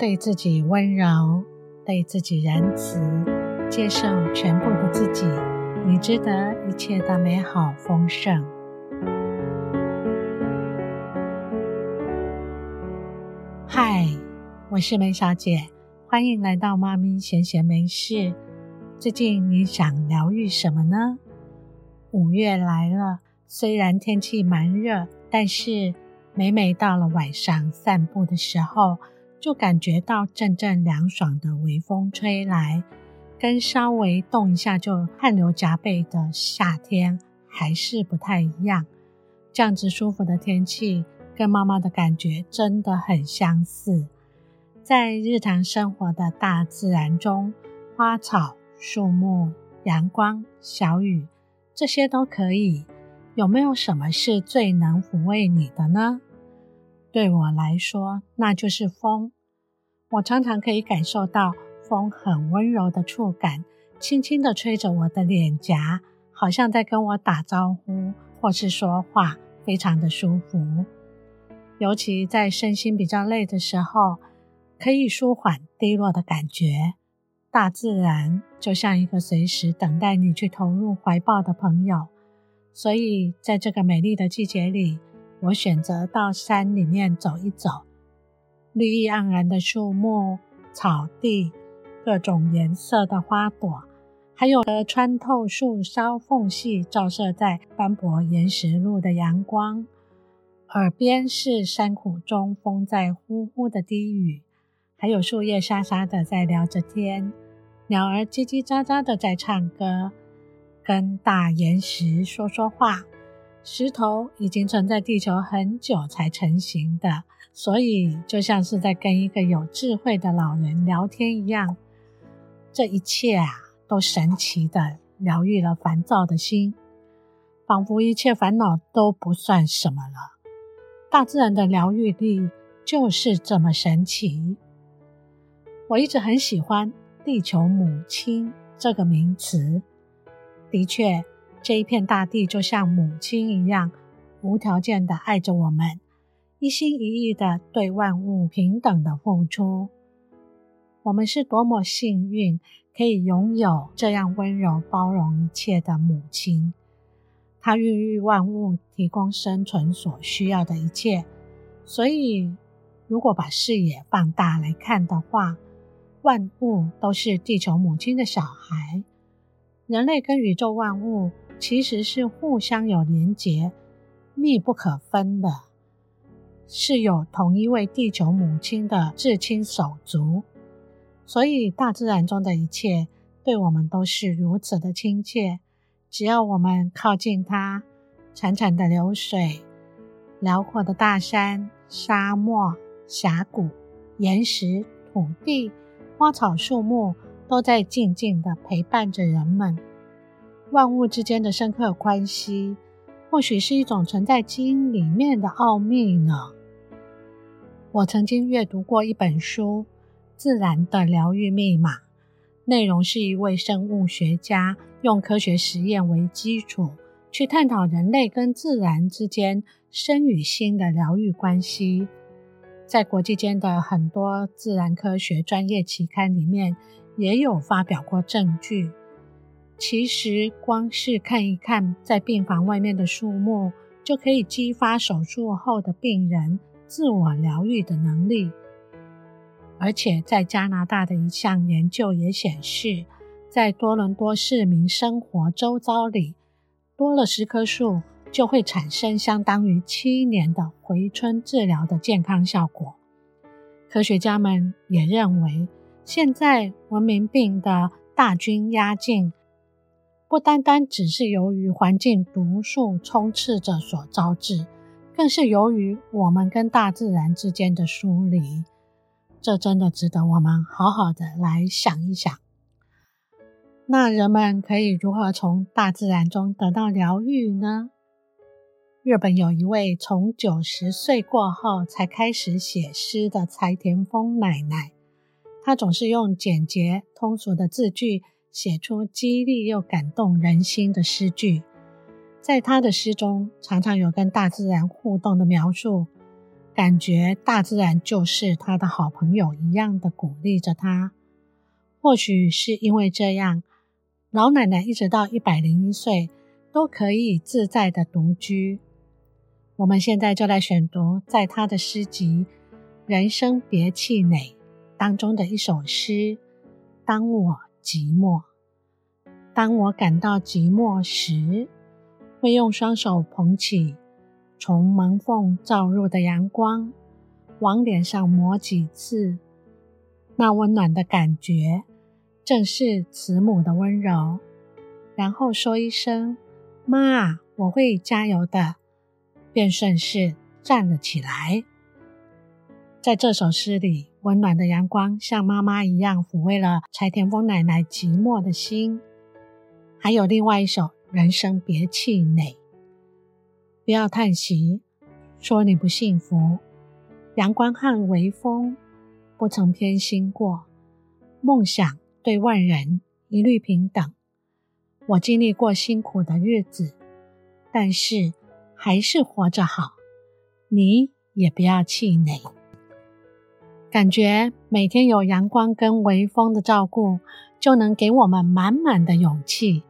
對自己溫柔，對自己仁慈，接受全部的自己，你值得一切的美好豐盛。嗨，我是梅小姐，歡迎來到媽咪閒閒梅事。最近你想療癒什麼呢？五月來了，雖然天氣蠻熱，但是每每到了晚上散步的時候。就感覺到陣陣涼爽的微風吹來，跟稍微動一下就汗流浹背的夏天還是不太一樣。這樣子舒服的天氣，跟媽媽的感覺真的很相似。在日常生活的大自然中，花草、樹木、陽光、小雨，這些都可以。有沒有什麼是最能撫慰你的呢？對我來說，那就是風。我常常可以感受到風很溫柔的觸感，輕輕的吹着我的臉頰，好像在跟我打招呼，或是說話，非常的舒服。尤其在身心比較累的時候，可以舒緩低落的感覺。大自然就像一個隨時等待你去投入懷抱的朋友，所以在這個美麗的季節裡。我選擇到山裡面走一走，綠意盎然的樹木、草地，各種顏色的花朵，還有的穿透樹梢縫隙照射在斑駁岩石路的陽光。耳邊是山谷中風在呼呼的低語，還有樹葉沙沙的在聊着天，鳥兒嘰嘰喳喳的在唱歌，跟大岩石說說話。石頭已經存在地球很久才成型的，所以就像是在跟一個有智慧的老人聊天一樣。這一切啊，都神奇的療癒了煩躁的心，仿佛一切煩惱都不算什麼了。大自然的療癒力就是這麼神奇。我一直很喜歡“地球母親”這個名詞，的確。這一片大地就像母親一樣，無條件的愛着我們，一心一意的對萬物平等的付出。我們是多麼幸運，可以擁有這樣溫柔包容一切的母親。她孕育萬物，提供生存所需要的一切。所以，如果把視野放大來看的話，萬物都是地球母親的小孩。人類跟宇宙萬物，其實是互相有連結、密不可分的，是有同一位地球母親的至親手足。所以，大自然中的一切對我們都是如此的親切。只要我們靠近它，潺潺的流水、遼闊的大山、沙漠、峽谷、岩石、土地、花草樹木，都在靜靜地陪伴着人們。萬物之間的深刻關係，或許是一種存在基因裡面的奧秘呢？我曾經閱讀過一本書《自然的療癒密碼》，內容是一位生物學家用科學實驗為基礎，去探討人類跟自然之間身與心的療癒關係，在國際間的很多自然科學專業期刊裡面也有發表過證據。其實，光是看一看在病房外面的樹木，就可以激發手術後的病人自我療癒的能力。而且，在加拿大的一項研究也顯示，在多倫多市民生活周遭裡多了十棵樹，就會產生相當於七年的回春治療的健康效果。科學家們也認為，現在文明病的大軍壓境。不單單只是由於環境毒素充斥着所招致，更是由於我們跟大自然之間的疏離。這真的值得我們好好的來想一想。那人們可以如何從大自然中得到療癒呢？日本有一位從九十歲過後才開始寫詩的柴田豐奶奶，她總是用簡潔通俗的字句。寫出激勵又感動人心的詩句，在他的詩中常常有跟大自然互動的描述，感覺大自然就是他的好朋友一樣的鼓勵着他。或許是因為這樣，老奶奶一直到一百零一歲都可以自在的獨居。我們現在就來選讀在他的詩集《人生別氣餒》當中的一首詩：“當我。”寂寞。當我感到寂寞時，會用雙手捧起從門縫照入的陽光，往臉上抹幾次，那溫暖的感覺正是慈母的溫柔。然後說一聲“媽，我會加油的”，便順勢站了起來。在這首詩裡。溫暖的陽光像媽媽一樣撫慰了柴田豐奶奶寂寞的心。還有另外一首《人生別氣餒》，不要嘆息，說你不幸福。陽光和微風不曾偏心過，夢想對萬人一律平等。我經歷過辛苦的日子，但是還是活着好。你也不要氣餒。感覺每天有陽光跟微風的照顧，就能給我們滿滿的勇氣。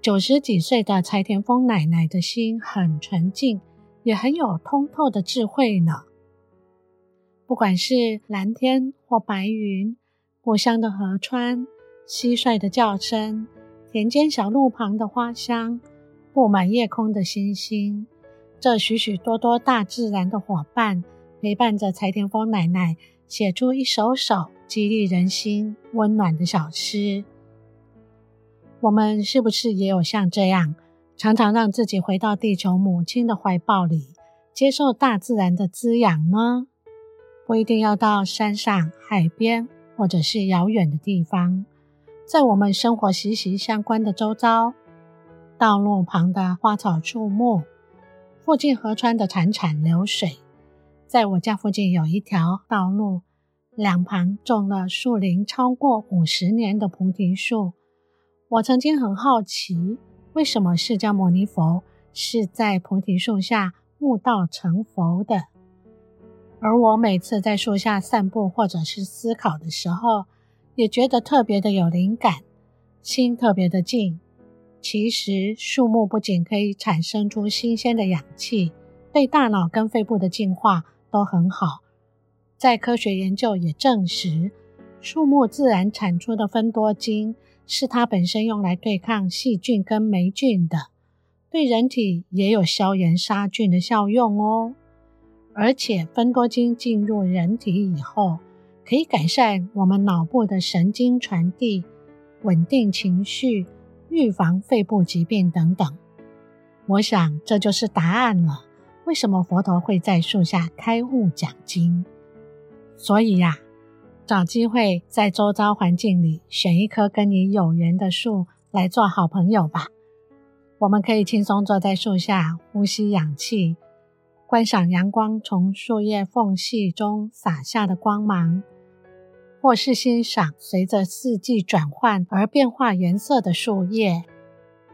九十幾歲的柴田豐奶奶的心很純淨，也很有通透的智慧呢。不管是藍天或白雲，故鄉的河川，蟋蟀的叫聲，田間小路旁的花香，布滿夜空的星星，這許許多多大自然的伙伴。陪伴着柴田豐奶奶寫出一首首激勵人心、溫暖的小詩。我們是不是也有像這樣，常常讓自己回到地球母親的懷抱裡，接受大自然的滋養呢？不一定要到山上海邊，或者是遙遠的地方，在我們生活息息相關的周遭，道路旁的花草樹木，附近河川的潺潺流水。在我家附近有一條道路，兩旁種了樹齡超過五十年的菩提樹。我曾經很好奇，為什麼釋迦牟尼佛是在菩提樹下悟道成佛的。而我每次在樹下散步或者是思考的時候，也覺得特別的有靈感，心特別的靜。其實樹木不僅可以產生出新鮮的氧氣，對大腦跟肺部的淨化。都很好，在科學研究也證實，樹木自然產出的芬多精是它本身用來對抗細菌跟霉菌的，對人體也有消炎殺菌的效用哦。而且芬多精進入人體以後，可以改善我們腦部的神經傳遞，穩定情緒，預防肺部疾病等等。我想這就是答案了。為什麼佛陀會在樹下開悟講經？所以呀、啊，找機會在周遭環境裡選一棵跟你有緣的樹來做好朋友吧。我們可以輕鬆坐在樹下，呼吸氧氣，觀賞陽光從樹葉縫隙中灑下的光芒，或是欣賞隨着四季轉換而變化顏色的樹葉，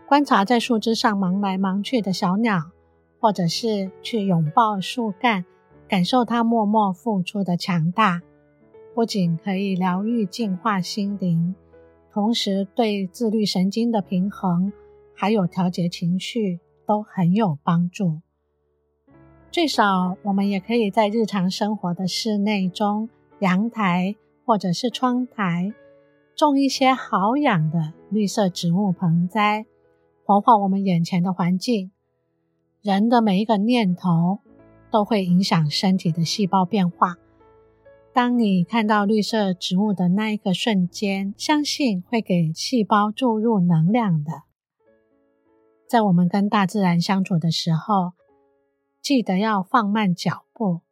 觀察在樹枝上忙來忙去的小鳥。或者是去擁抱樹幹，感受它默默付出的強大，不僅可以療癒、淨化心靈，同時對自律神經的平衡還有調節情緒都很有幫助。最少，我們也可以在日常生活的室內中、陽台或者是窗台種一些好養的綠色植物盆栽，活化我們眼前的環境。人的每一個念頭都會影響身體的細胞變化。當你看到綠色植物的那一個瞬間，相信會給細胞注入能量的。在我們跟大自然相處的時候，記得要放慢腳步，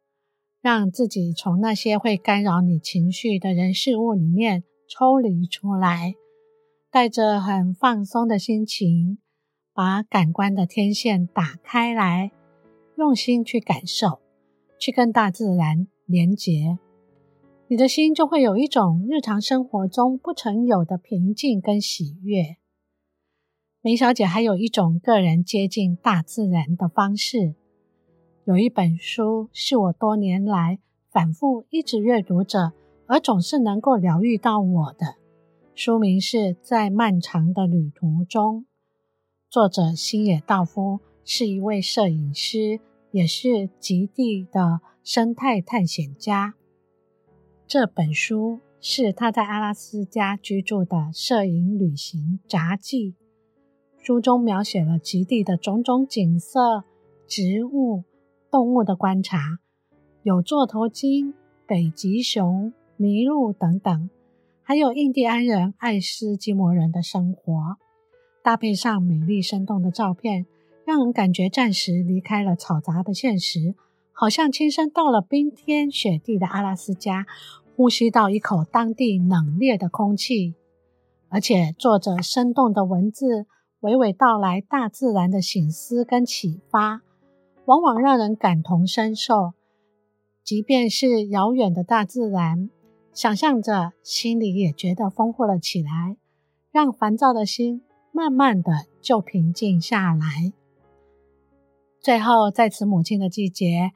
讓自己從那些會干擾你情緒的人事物裡面抽離出來，帶着很放鬆的心情，把感官的天線打開來，用心去感受，去跟大自然連結，你的心就會有一種日常生活中不曾有的平靜跟喜悅。梅小姐還有一種個人接近大自然的方式，有一本書是我多年來反覆一直閱讀着，而總是能夠療癒到我的。書名是在漫長的旅途中。作者星野道夫是一位攝影師，也是極地的生態探險家。這本書是他在阿拉斯加居住的攝影旅行雜記，書中描寫了極地的種種景色、植物、動物的觀察，有座頭鯨、北極熊、麋鹿等等，還有印第安人、愛斯基摩人的生活。搭配上美麗生動的照片，讓人感覺暫時離開了嘈雜的現實，好像親身到了冰天雪地的阿拉斯加，呼吸到一口當地冷冽的空氣。而且作者生動的文字，娓娓道來大自然的省思跟啟發，往往讓人感同身受。即便是遙遠的大自然，想象着心裡也覺得豐富了起來，讓煩躁的心。慢慢的就平靜下來。最後，在此母親的季節，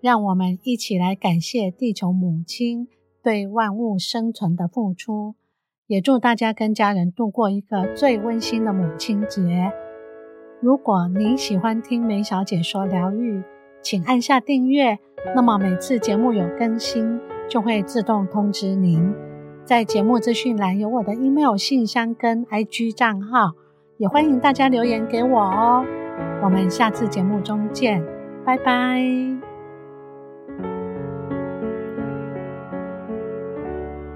讓我們一起來感謝地球母親對萬物生存的付出，也祝大家跟家人度過一個最溫馨的母親節。如果您喜歡聽梅小姐說療癒，請按下訂閱，那麼每次節目有更新就會自動通知您。在節目資訊欄有我的 email 信箱跟 IG 賬號，也歡迎大家留言給我哦。我們下次節目中見，拜拜。